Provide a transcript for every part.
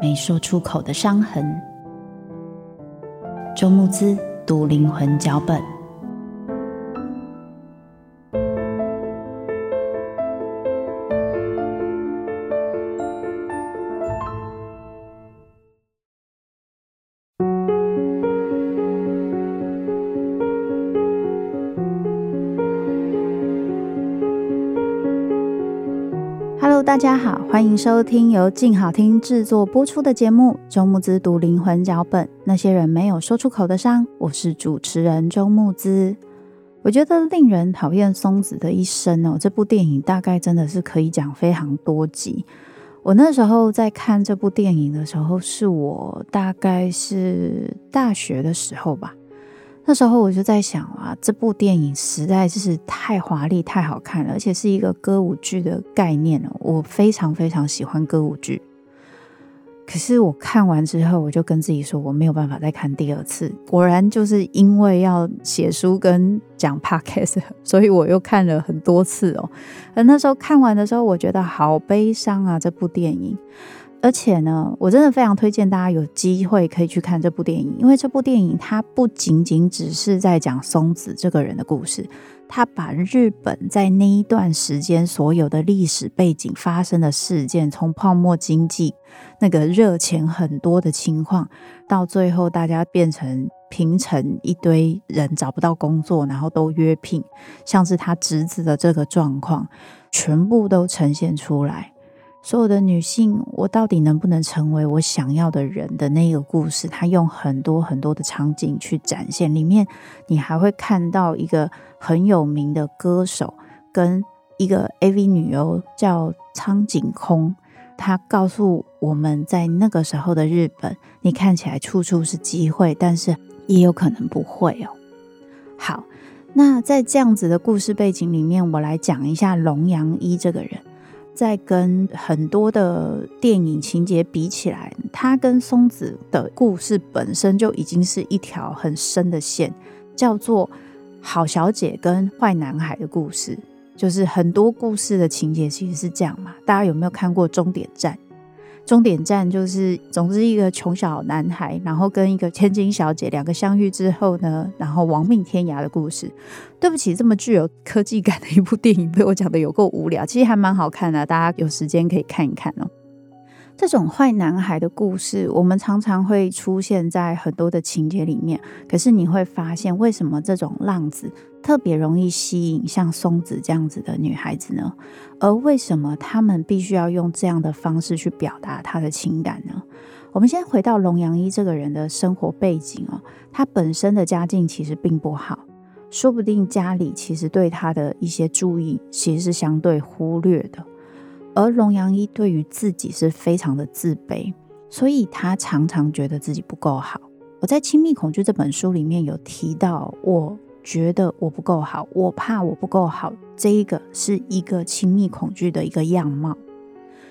沒說出口的傷痕。周慕姿讀靈魂腳本。大家好，歡迎收聽由靜好聽制作播出的節目《周木子讀靈魂腳本》，那些人沒有說出口的傷，我是主持人周木子。我覺得令人討厭松子的一生哦，這部電影大概真的是可以講非常多集。我那時候在看這部電影的時候，是我大概是大學的時候吧。那時候我就在想啊，這部電影實在是太華麗、太好看了，而且是一個歌舞劇的概念。我非常非常喜歡歌舞劇，可是我看完之後，我就跟自己說我沒有辦法再看第二次。果然就是因為要寫書跟講 Podcast，所以我又看了很多次哦、喔。而那時候看完的時候，我覺得好悲傷啊，這部電影。而且呢，我真的非常推薦大家有機會可以去看這部電影，因為這部電影它不僅僅只是在講松子這個人的故事，它把日本在那一段時間所有的歷史背景發生的事件，從泡沫經濟那個熱錢很多的情況，到最後大家變成平成一堆人找不到工作，然後都約聘，像是他侄子的這個狀況，全部都呈現出來。所有的女性，我到底能不能成為我想要的人的那個故事？她用很多很多的場景去展現，裡面你還會看到一個很有名的歌手跟一個 AV 女優叫蒼井空。她告訴我們在那個時候的日本，你看起來處處是機會，但是也有可能不會哦。好，那在這樣子的故事背景裡面，我來講一下龍洋一這個人。在跟很多的電影情節比起來，他跟松子的故事本身就已經是一條很深的線，叫做好小姐跟壞男孩的故事。就是很多故事的情節其實是這樣嘛，大家有沒有看過《終點站》？終點站就是，總之一個窮小男孩，然後跟一個千金小姐兩個相遇之後呢，然後亡命天涯的故事。對不起，這麼具有科技感的一部電影被我講的有夠無聊，其實還蠻好看的啊，大家有時間可以看一看哦。這種壞男孩的故事，我們常常會出現在很多的情節裡面。可是你會發現，為什麼這種浪子特別容易吸引像松子這樣子的女孩子呢？而為什麼他們必須要用這樣的方式去表達他的情感呢？我們先回到龍洋一這個人的生活背景哦，他本身的家境其實並不好，說不定家裡其實對他的一些注意其實是相對忽略的。而龍洋一對於自己是非常的自卑，所以他常常覺得自己不夠好。我在《親密恐懼》這本書裡面有提到，我覺得我不夠好，我怕我不夠好，這一個是一個親密恐懼的一個樣貌。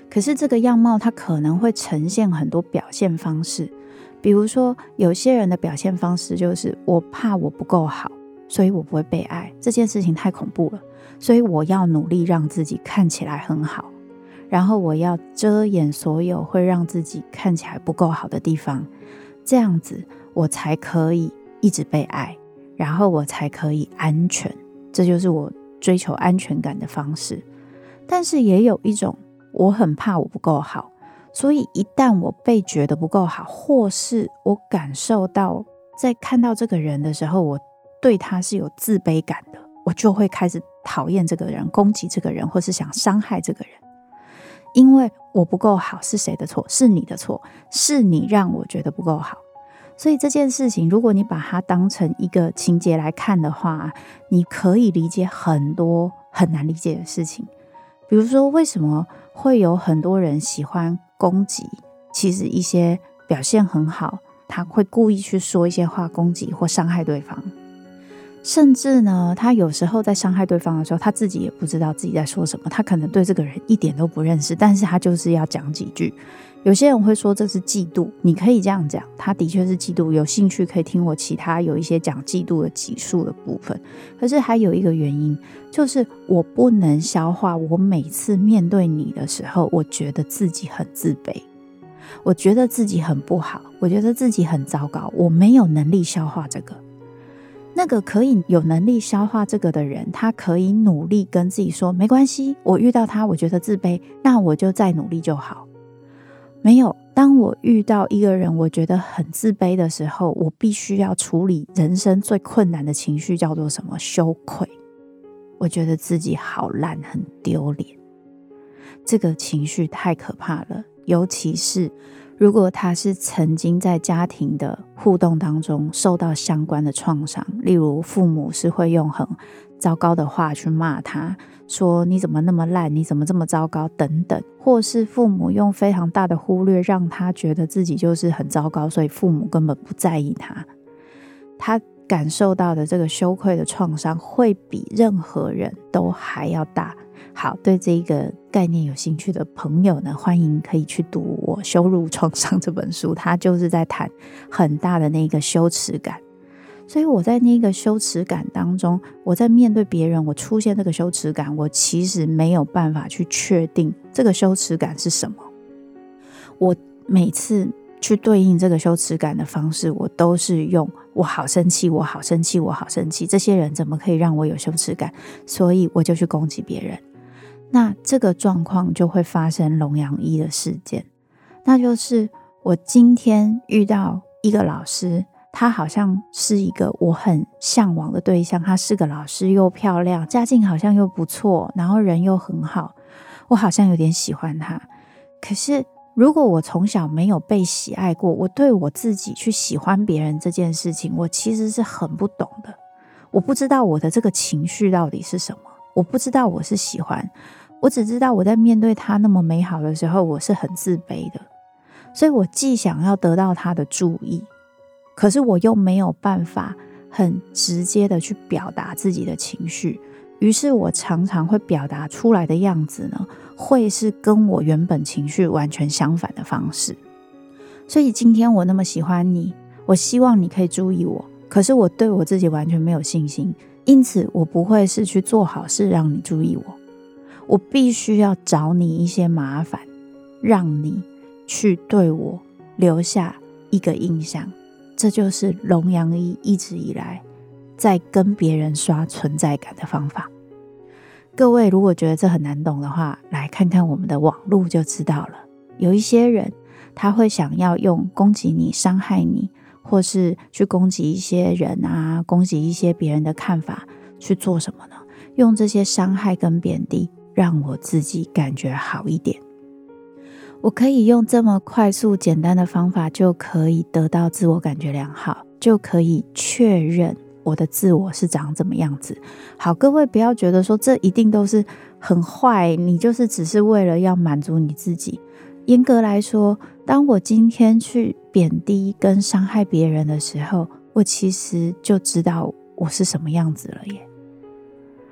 可是這個樣貌它可能會呈現很多表現方式，比如說有些人的表現方式就是我怕我不夠好，所以我不會被愛，這件事情太恐怖了，所以我要努力讓自己看起來很好。然後我要遮掩所有會讓自己看起來不夠好的地方，這樣子我才可以一直被愛，然後我才可以安全。這就是我追求安全感的方式。但是也有一種，我很怕我不夠好，所以一旦我被覺得不夠好，或是我感受到在看到這個人的時候，我對他是有自卑感的，我就會開始討厭這個人，攻擊這個人，或是想傷害這個人。因為我不夠好，是誰的錯？是你的錯，是你讓我覺得不夠好。所以這件事情，如果你把它當成一個情節來看的話，你可以理解很多很難理解的事情。比如說，為什麼會有很多人喜歡攻擊？其實一些表現很好，他會故意去說一些話攻擊或傷害對方。甚至呢，他有時候在傷害對方的時候，他自己也不知道自己在說什麼。他可能對這個人一點都不認識，但是他就是要講幾句。有些人會說這是嫉妒，你可以這樣講，他的確是嫉妒。有興趣可以聽我其他有一些講嫉妒的集數的部分。可是還有一個原因，就是我不能消化。我每次面對你的時候，我覺得自己很自卑，我覺得自己很不好，我覺得自己很糟糕，我沒有能力消化這個。那個可以有能力消化這個的人，他可以努力跟自己說：沒關係，我遇到他，我覺得自卑，那我就再努力就好。沒有，當我遇到一個人，我覺得很自卑的時候，我必須要處理人生最困難的情緒，叫做什麼？羞愧。我覺得自己好爛，很丟臉。這個情緒太可怕了，尤其是。如果他是曾經在家庭的互動當中受到相關的創傷，例如父母是會用很糟糕的話去罵他，說你怎麼那麼爛，你怎麼這麼糟糕等等，或是父母用非常大的忽略讓他覺得自己就是很糟糕，所以父母根本不在意他。他感受到的這個羞愧的創傷會比任何人都還要大。好，對這個概念有興趣的朋友呢，歡迎可以去讀我《羞辱創傷》這本書，它就是在談很大的那個羞恥感。所以我在那個羞恥感當中，我在面對別人，我出現這個羞恥感，我其實沒有辦法去確定這個羞恥感是什麼。我每次去對應這個羞恥感的方式，我都是用“我好生氣，我好生氣，我好生氣”，這些人怎麼可以讓我有羞恥感？所以我就去攻擊別人。那這個狀況就會發生龍洋一的事件，那就是我今天遇到一個老師，他好像是一個我很向往的對象，他是個老師，又漂亮，家境好像又不錯，然後人又很好，我好像有點喜歡他。可是如果我從小沒有被喜愛過，我對我自己去喜歡別人這件事情，我其實是很不懂的，我不知道我的這個情緒到底是什麼，我不知道我是喜歡。我只知道，我在面對他那麼美好的時候，我是很自卑的，所以我既想要得到他的注意，可是我又沒有辦法很直接的去表達自己的情緒，於是我常常會表達出來的樣子呢，會是跟我原本情緒完全相反的方式。所以今天我那麼喜歡你，我希望你可以注意我，可是我對我自己完全沒有信心，因此我不會是去做好事讓你注意我。我必須要找你一些麻煩，讓你去對我留下一個印象。這就是龍洋一一直以來在跟別人刷存在感的方法。各位如果覺得這很難懂的話，來看看我們的網路就知道了。有一些人他會想要用攻擊你、傷害你，或是去攻擊一些人啊，攻擊一些別人的看法去做什麼呢？用這些傷害跟貶低。讓我自己感覺好一點，我可以用這麼快速簡單的方法，就可以得到自我感覺良好，就可以確認我的自我是長怎麼樣子。好，各位不要覺得說這一定都是很壞，你就是只是為了要滿足你自己。嚴格來說，當我今天去貶低跟傷害別人的時候，我其實就知道我是什麼樣子了耶。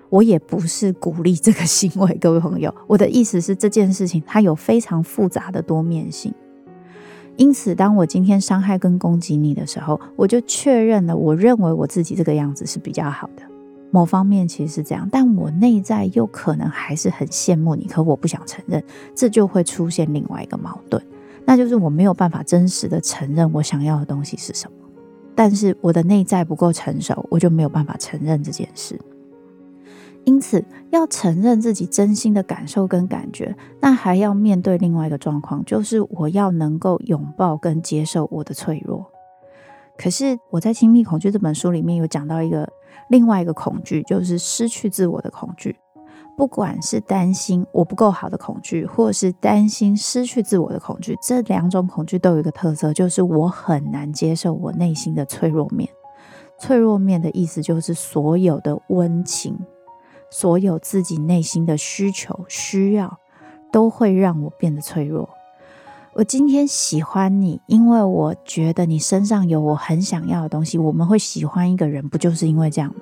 我也不是鼓勵這個行為，各位朋友。我的意思是，這件事情它有非常複雜的多面性。因此，當我今天傷害跟攻擊你的時候，我就確認了，我認為我自己這個樣子是比較好的。某方面其實是這樣，但我內在又可能還是很羨慕你，可我不想承認，這就會出現另外一個矛盾，那就是我沒有辦法真實的承認我想要的東西是什麼。但是我的內在不夠成熟，我就沒有辦法承認這件事。因此，要承認自己真心的感受跟感覺，那還要面對另外一個狀況，就是我要能夠擁抱跟接受我的脆弱。可是我在《親密恐懼》這本書裡面有講到一個另外一個恐懼，就是失去自我的恐懼。不管是擔心我不夠好的恐懼，或是擔心失去自我的恐懼，這兩種恐懼都有一個特色，就是我很難接受我內心的脆弱面。脆弱面的意思就是所有的溫情。所有自己內心的需求、需要，都會讓我變得脆弱。我今天喜歡你，因為我覺得你身上有我很想要的東西。我們會喜歡一個人，不就是因為這樣嗎？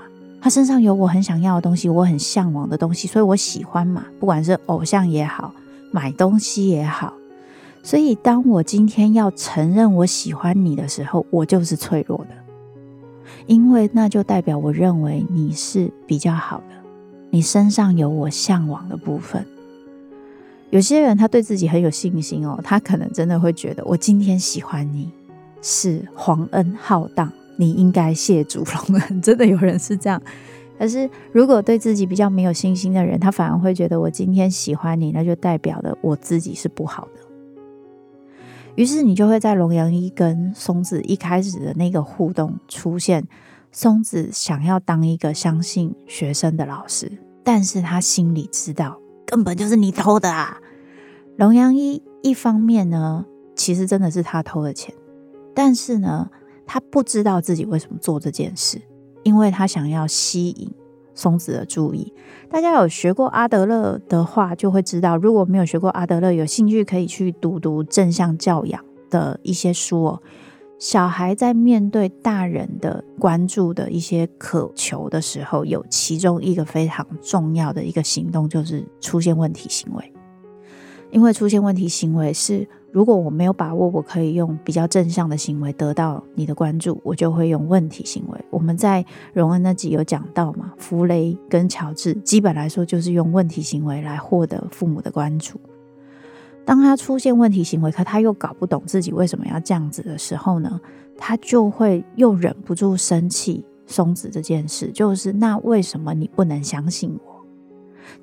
他身上有我很想要的東西，我很向往的東西，所以我喜歡嘛。不管是偶像也好，買東西也好。所以當我今天要承認我喜歡你的時候，我就是脆弱的，因為那就代表我認為你是比較好的。你身上有我嚮往的部分。有些人他對自己很有信心哦，他可能真的會覺得，我今天喜歡你，是皇恩浩蕩，你應該謝主隆恩。 真的有人是這樣。可是如果對自己比較沒有信心的人，他反而會覺得，我今天喜歡你，那就代表了我自己是不好的。於是你就會在龍洋一跟松子一開始的那個互動出現，松子想要當一個相信學生的老師。但是他心裡知道，根本就是你偷的啊！龍洋一一方面呢，其實真的是他偷的錢，但是呢，他不知道自己為什麼做這件事，因為他想要吸引松子的注意。大家有學過阿德勒的話，就會知道，如果沒有學過阿德勒，有興趣可以去讀讀正向教養的一些書哦。小孩在面對大人的關注的一些渴求的時候，有其中一個非常重要的一個行動，就是出現問題行為。因為出現問題行為是，如果我沒有把握，我可以用比較正向的行為得到你的關注，我就會用問題行為。我們在榮恩那集有講到嘛，弗雷跟喬治基本來說就是用問題行為來獲得父母的關注。當他出現問題行為，可他又搞不懂自己為什麼要這樣子的時候呢，他就會又忍不住生氣。松子這件事，就是那為什麼你不能相信我？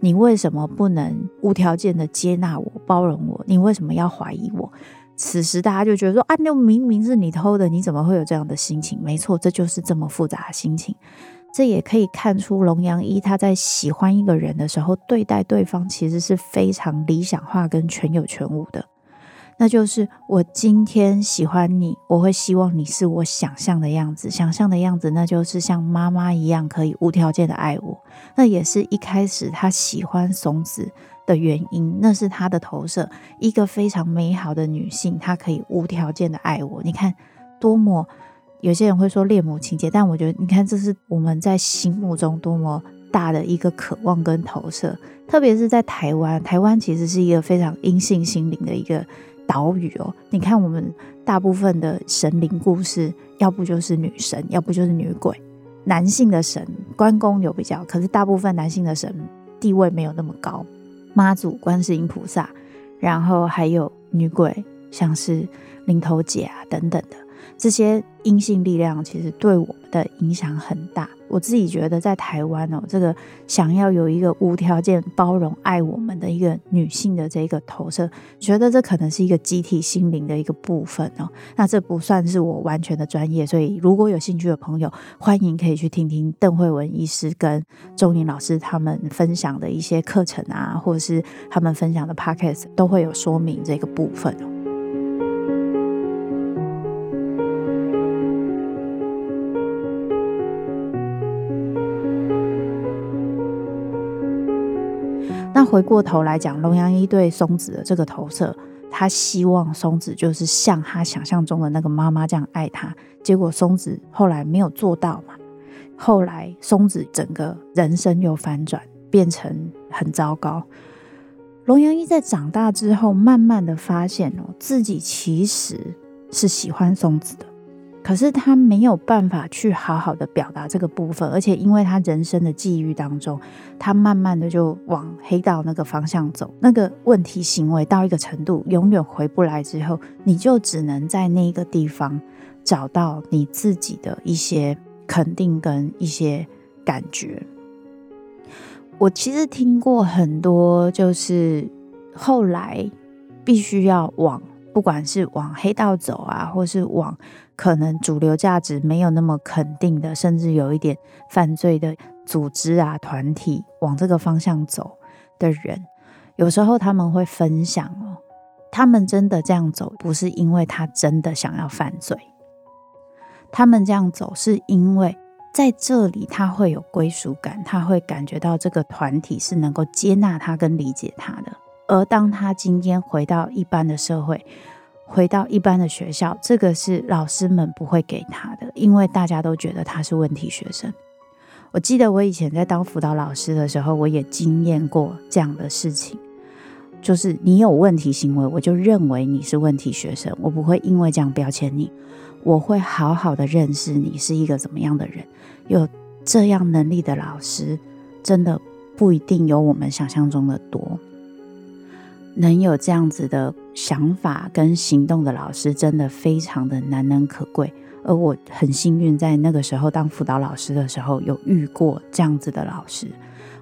你為什麼不能無條件的接納我、包容我？你為什麼要懷疑我？此時大家就覺得說啊，那明明是你偷的，你怎麼會有這樣的心情？沒錯，這就是這麼複雜的心情。這也可以看出龍洋一他在喜歡一個人的時候，對待對方其實是非常理想化跟全有全無的。那就是我今天喜歡你，我會希望你是我想象的樣子，想象的樣子那就是像媽媽一樣可以無條件的愛我。那也是一開始他喜歡松子的原因，那是他的投射，一個非常美好的女性，她可以無條件的愛我。你看，多麼。有些人會說戀母情結，但我覺得你看，這是我們在心目中多麼大的一個渴望跟投射，特別是在台灣。台灣其實是一個非常陰性心靈的一個島嶼哦。你看，我們大部分的神靈故事，要不就是女神，要不就是女鬼。男性的神關公有比較，可是大部分男性的神地位沒有那麼高。媽祖、觀世音菩薩，然後還有女鬼，像是林投姐啊等等的。這些陰性力量其實對我們的影響很大。我自己覺得，在台灣哦，這個想要有一個無條件包容愛我們的一個女性的這個投射，覺得這可能是一個集體心靈的一個部分哦。那這不算是我完全的專業，所以如果有興趣的朋友，歡迎可以去聽聽鄧惠文醫師跟鍾穎老師他們分享的一些課程啊，或者是他們分享的 Podcast 都會有說明這個部分。回過頭來講，龍洋一對松子的這個投射，他希望松子就是像他想象中的那個媽媽這樣愛他。結果松子後來沒有做到嘛，後來松子整個人生又反轉，變成很糟糕。龍洋一在長大之後，慢慢的發現哦，自己其實是喜歡松子的。可是他沒有辦法去好好的表達這個部分，而且因為他人生的際遇當中，他慢慢的就往黑道那個方向走，那個問題行為到一個程度，永遠回不來之後，你就只能在那一個地方找到你自己的一些肯定跟一些感覺。我其實聽過很多，就是後來必須要往。不管是往黑道走啊，或是往可能主流價值沒有那麼肯定的，甚至有一點犯罪的組織啊團體，往這個方向走的人，有時候他們會分享哦，他們真的這樣走，不是因為他真的想要犯罪，他們這樣走是因為在這裡他會有歸屬感，他會感覺到這個團體是能夠接納他跟理解他的。而當他今天回到一般的社會，回到一般的學校，這個是老師們不會給他的，因為大家都覺得他是問題學生。我記得我以前在當輔導老師的時候，我也經驗過這樣的事情，就是你有問題行為，我就認為你是問題學生，我不會因為這樣標籤你，我會好好的認識你是一個怎麼樣的人。有這樣能力的老師，真的不一定有我們想象中的多。能有這樣子的想法跟行動的老師，真的非常的難能可貴。而我很幸運，在那個時候當輔導老師的時候，有遇過這樣子的老師，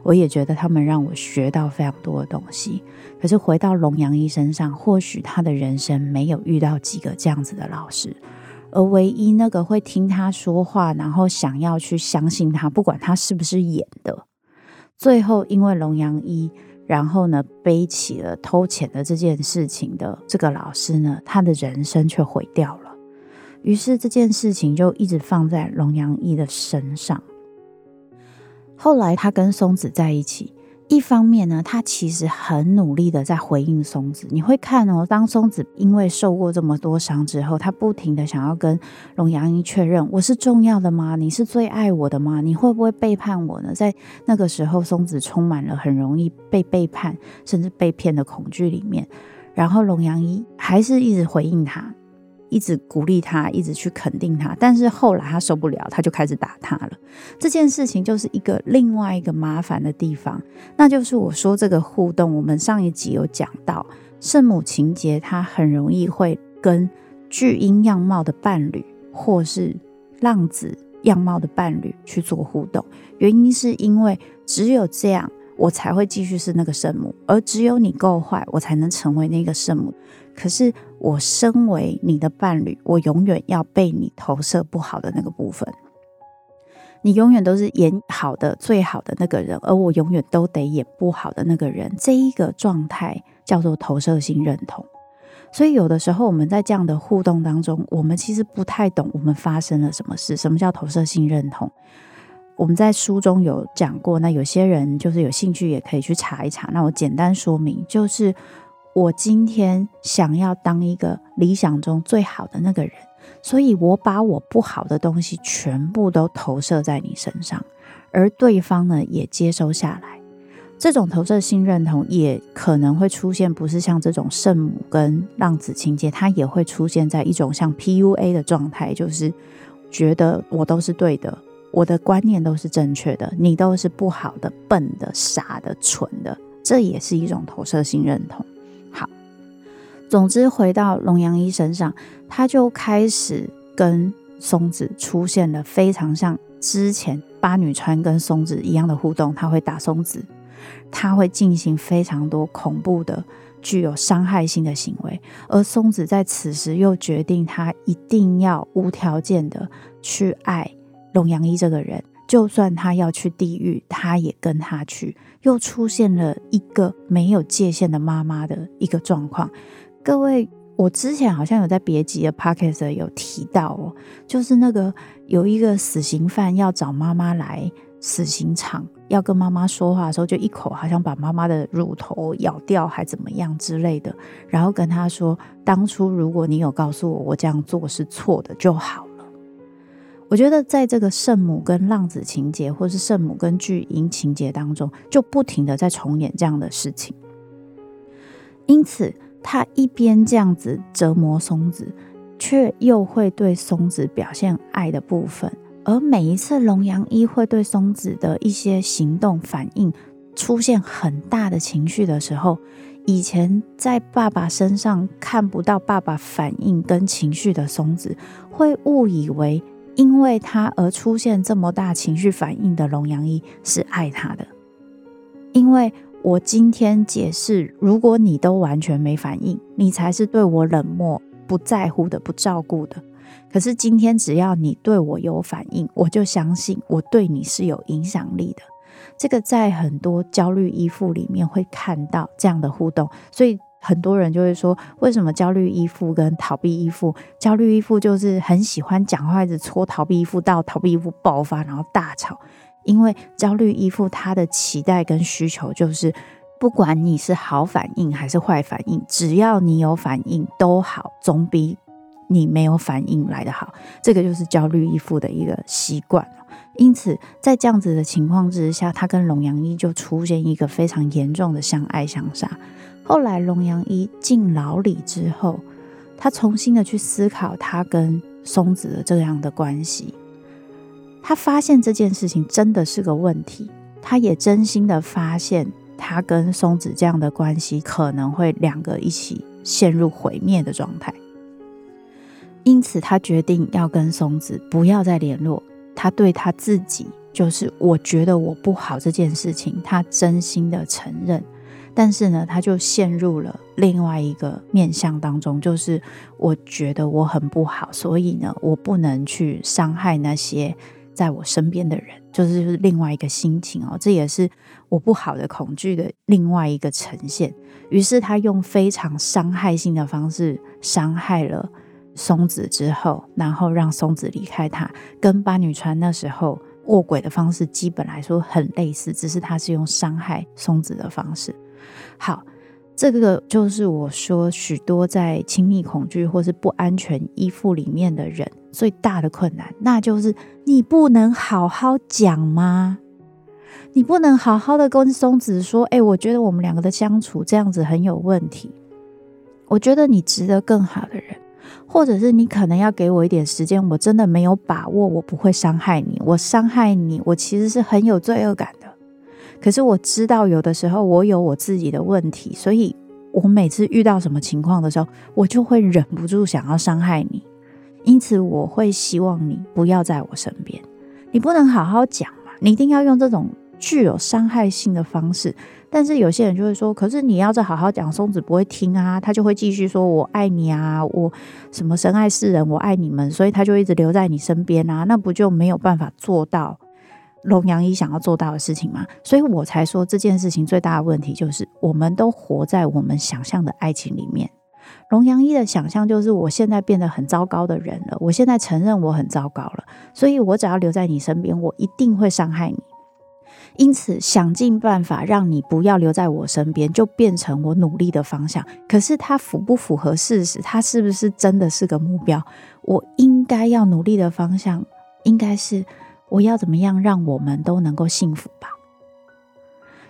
我也覺得他們讓我學到非常多的東西。可是回到龍洋一身上，或許他的人生沒有遇到幾個這樣子的老師，而唯一那個會聽他說話，然後想要去相信他，不管他是不是演的，最後因為龍洋一。然後呢，背起了偷錢的這件事情的這個老師呢，他的人生卻毀掉了。於是這件事情就一直放在龍洋一的身上。後來他跟松子在一起。一方面呢，他其實很努力的在回應松子。你會看哦，當松子因為受過這麼多傷之後，他不停的想要跟龍洋一確認：我是重要的嗎？你是最愛我的嗎？你會不會背叛我呢？在那個時候，松子充滿了很容易被背叛，甚至被騙的恐懼裡面，然後龍洋一還是一直回應他。一直鼓勵他，一直去肯定他，但是後來他受不了，他就開始打他了。這件事情就是一個另外一個麻煩的地方，那就是我說這個互動，我們上一集有講到聖母情節，他很容易會跟巨嬰樣貌的伴侶，或是浪子樣貌的伴侶去做互動，原因是因為只有這樣，我才會繼續是那個聖母，而只有你夠壞，我才能成為那個聖母。可是。我身為你的伴侶，我永遠要被你投射不好的那個部分。你永遠都是演好的、最好的那個人，而我永遠都得演不好的那個人。這一個狀態叫做投射性認同。所以有的時候我們在這樣的互動當中，我們其實不太懂我們發生了什麼事。什麼叫投射性認同？我們在書中有講過，那有些人就是有興趣也可以去查一查。那我簡單說明，就是。我今天想要當一個理想中最好的那個人，所以我把我不好的東西全部都投射在你身上，而對方呢也接收下來。這種投射性認同也可能會出現，不是像這種聖母跟浪子情結，它也會出現在一種像 PUA 的狀態，就是覺得我都是對的，我的觀念都是正確的，你都是不好的、笨的、傻的、蠢的，這也是一種投射性認同。總之，回到龍洋一身上，他就開始跟松子出現了非常像之前八女川跟松子一樣的互動。他會打松子，他會進行非常多恐怖的、具有傷害性的行為。而松子在此時又決定，他一定要無條件的去愛龍洋一這個人，就算他要去地獄，他也跟他去。又出現了一個沒有界限的媽媽的一個狀況。各位，我之前好像有在別集的 Podcast 有提到哦、喔，就是那個有一個死刑犯要找媽媽來死刑場，要跟媽媽說話的時候，就一口好像把媽媽的乳頭咬掉，還怎麼樣之類的，然後跟他說：“當初如果你有告訴我，我這樣做是錯的就好了。”我覺得在這個聖母跟浪子情節，或是聖母跟巨嬰情節當中，就不停的在重演這樣的事情，因此。他一邊這樣子折磨松子，卻又會對松子表現愛的部分。而每一次龍洋一會對松子的一些行動反應出現很大的情緒的時候，以前在爸爸身上看不到爸爸反應跟情緒的松子，會誤以為因為他而出現這麼大情緒反應的龍洋一，是愛他的，因為。我今天解釋，如果你都完全沒反應，你才是對我冷漠、不在乎的、不照顧的。可是今天只要你對我有反應，我就相信我對你是有影響力的。這個在很多焦慮依附裡面會看到這樣的互動，所以很多人就會說，為什麼焦慮依附跟逃避依附？焦慮依附就是很喜歡講話，一直戳逃避依附，到逃避依附爆發，然後大吵。因為焦慮依附他的期待跟需求就是，不管你是好反應還是壞反應，只要你有反應都好，總比你沒有反應來得好。這個就是焦慮依附的一個習慣。因此，在這樣子的情況之下，他跟龍洋一就出現一個非常嚴重的相愛相殺。後來龍洋一進牢裡之後，他重新的去思考他跟松子的這樣的關係。他發現這件事情真的是個問題，他也真心的發現他跟松子這樣的關係可能會兩個一起陷入毀滅的狀態，因此他決定要跟松子不要再聯絡。他對他自己就是我覺得我不好這件事情，他真心的承認。但是呢，他就陷入了另外一個面向當中，就是我覺得我很不好，所以呢，我不能去傷害那些。在我身邊的人，就是另外一個心情哦，這也是我不好的恐懼的另外一個呈現。於是他用非常傷害性的方式傷害了松子之後，然後讓松子離開他，跟八女川那時候臥軌的方式基本來說很類似，只是他是用傷害松子的方式。好。這個就是我說，許多在親密恐懼或是不安全依附裡面的人最大的困難，那就是你不能好好講嗎？你不能好好的跟松子說，哎、欸，我覺得我們兩個的相處這樣子很有問題，我覺得你值得更好的人，或者是你可能要給我一點時間，我真的沒有把握，我不會傷害你，我傷害你，我其實是很有罪惡感。可是我知道，有的時候我有我自己的問題，所以我每次遇到什麼情況的時候，我就會忍不住想要傷害你，因此我會希望你不要在我身邊。你不能好好講嘛，你一定要用這種具有傷害性的方式。但是有些人就會說，可是你要是好好講，松子不會聽啊，他就會繼續說我愛你啊，我什麼神愛世人，我愛你們，所以他就一直留在你身邊啊，那不就沒有辦法做到？龍洋一想要做到的事情嘛，所以我才說這件事情最大的問題就是，我們都活在我們想象的愛情裡面。龍洋一的想象就是，我現在變得很糟糕的人了，我現在承認我很糟糕了，所以我只要留在你身邊，我一定會傷害你。因此，想盡辦法讓你不要留在我身邊，就變成我努力的方向。可是，它符不符合事實？它是不是真的是個目標？我應該要努力的方向應該是。我要怎麼樣讓我們都能夠幸福吧？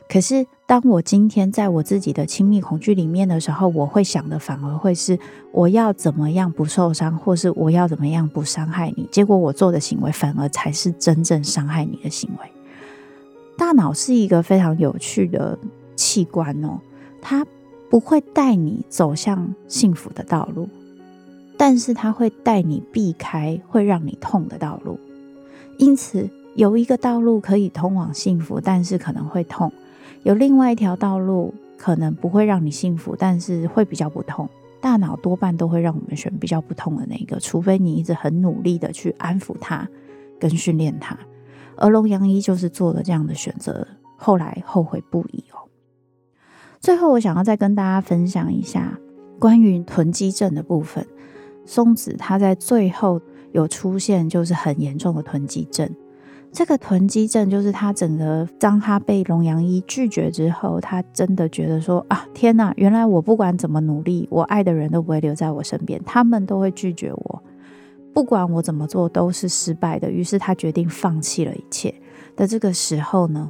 可是當我今天在我自己的親密恐懼裡面的時候，我會想的反而會是我要怎麼樣不受傷，或是我要怎麼樣不傷害你。結果我做的行為反而才是真正傷害你的行為。大腦是一個非常有趣的器官哦，它不會帶你走向幸福的道路，但是它會帶你避開會讓你痛的道路。因此，有一個道路可以通往幸福，但是可能會痛；有另外一條道路，可能不會讓你幸福，但是會比較不痛。大腦多半都會讓我們選比較不痛的那個，除非你一直很努力的去安撫它跟訓練它。而龍洋一就是做了這樣的選擇，後來後悔不已哦。最後，我想要再跟大家分享一下關於囤積症的部分。松子他在最後。有出現就是很嚴重的囤積症。這個囤積症就是他整個，當他被龍洋一拒絕之後，他真的覺得說啊，天哪、啊！原來我不管怎麼努力，我愛的人都不會留在我身邊，他們都會拒絕我，不管我怎麼做都是失敗的。於是他決定放棄了一切。的這個時候呢，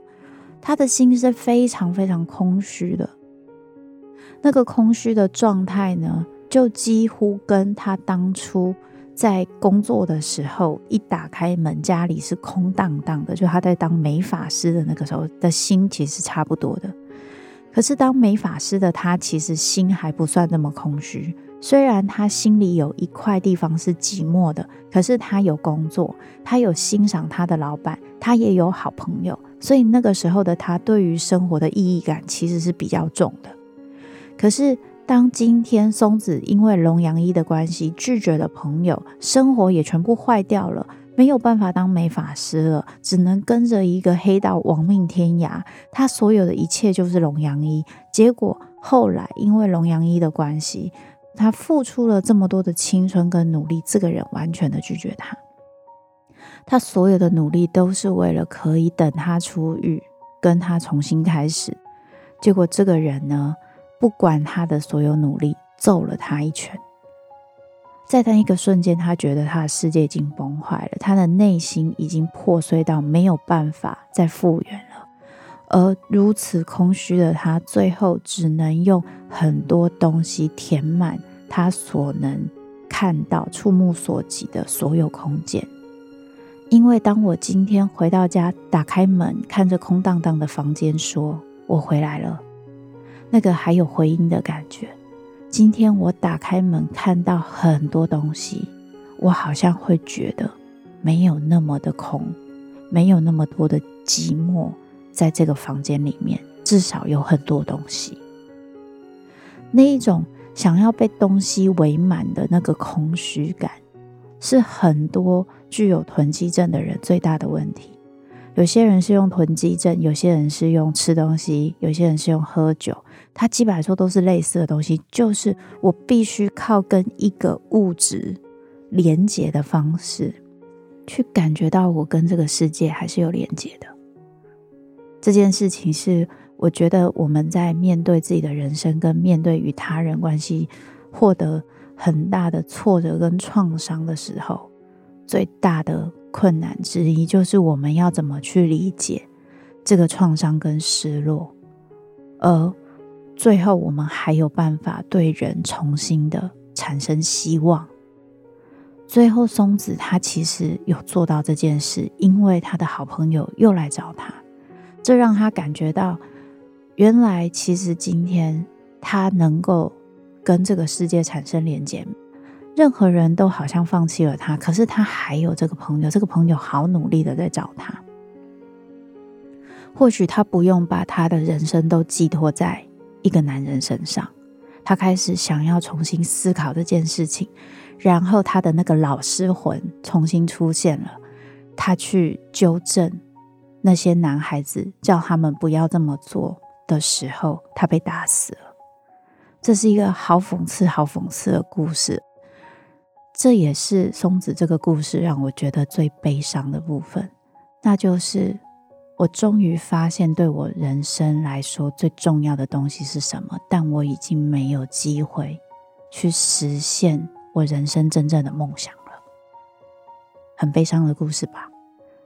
他的心是非常非常空虛的。那個空虛的狀態呢，就幾乎跟他當初。在工作的時候，一打開門，家裡是空蕩蕩的。就他在當美髮師的那個時候，的心其實是差不多的。可是當美髮師的他，其實心還不算那麼空虛。雖然他心裡有一塊地方是寂寞的，可是他有工作，他有欣賞他的老闆，他也有好朋友。所以那個時候的他，對於生活的意義感其實是比較重的。可是。當今天松子因為龍洋一的關係拒絕了朋友，生活也全部壞掉了，沒有辦法當美髮師了，只能跟着一個黑道亡命天涯。他所有的一切就是龍洋一。結果後來因為龍洋一的關係，他付出了這麼多的青春跟努力，這個人完全的拒絕他。他所有的努力都是為了可以等他出獄，跟他重新開始。結果這個人呢？不管他的所有努力，揍了他一拳。在那一個瞬間，他覺得他的世界已經崩壞了，他的內心已經破碎到沒有辦法再復原了。而如此空虛的他，最後只能用很多東西填滿他所能看到、觸目所及的所有空間。因為當我今天回到家，打開門，看着空蕩蕩的房間，說：“我回來了。”那個還有回音的感覺。今天我打開門，看到很多東西，我好像會覺得沒有那麼的空，沒有那麼多的寂寞在這個房間裡面，至少有很多東西。那一種想要被東西圍滿的那個空虛感，是很多具有囤積症的人最大的問題。有些人是用囤積症，有些人是用吃東西，有些人是用喝酒。它基本來說都是類似的東西，就是我必須靠跟一個物質連接的方式，去感覺到我跟這個世界還是有連接的。這件事情是我覺得我們在面對自己的人生跟面對與他人關係獲得很大的挫折跟創傷的時候，最大的困難之一就是我們要怎麼去理解這個創傷跟失落。而。最後，我們還有辦法對人重新的產生希望。最後，松子他其實有做到這件事，因為他的好朋友又來找他，這讓他感覺到，原來其實今天他能夠跟這個世界產生連接。任何人都好像放棄了他，可是他還有這個朋友，這個朋友好努力的在找他。或許他不用把他的人生都寄託在。一個男人身上，他開始想要重新思考這件事情，然後他的那個老師魂重新出現了。他去糾正那些男孩子，叫他們不要這麼做的時候，他被打死了。這是一個好諷刺、好諷刺的故事。這也是松子這個故事讓我覺得最悲傷的部分，那就是。我終於發現，對我人生來說最重要的東西是什麼？但我已經沒有機會去實現我人生真正的夢想了。很悲傷的故事吧？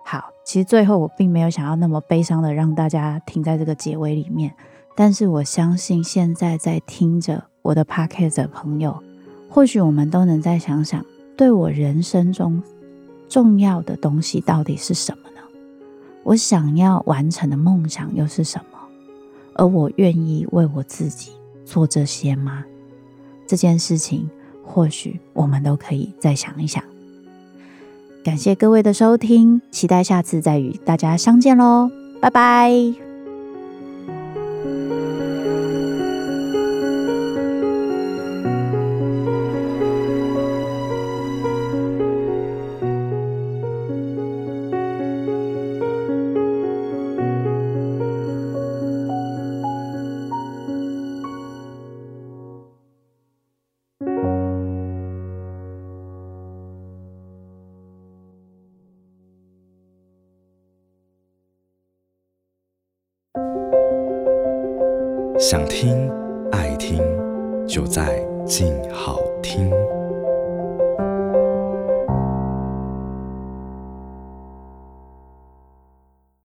好，其實最後我並沒有想要那麼悲傷的讓大家停在這個結尾裡面，但是我相信現在在聽着我的 podcast 的朋友，或許我們都能再想想，對我人生中重要的東西到底是什麼。我想要完成的夢想又是什麼？而我願意為我自己做這些嗎？這件事情，或許我們都可以再想一想。感謝各位的收聽，期待下次再與大家相見嘍！拜拜。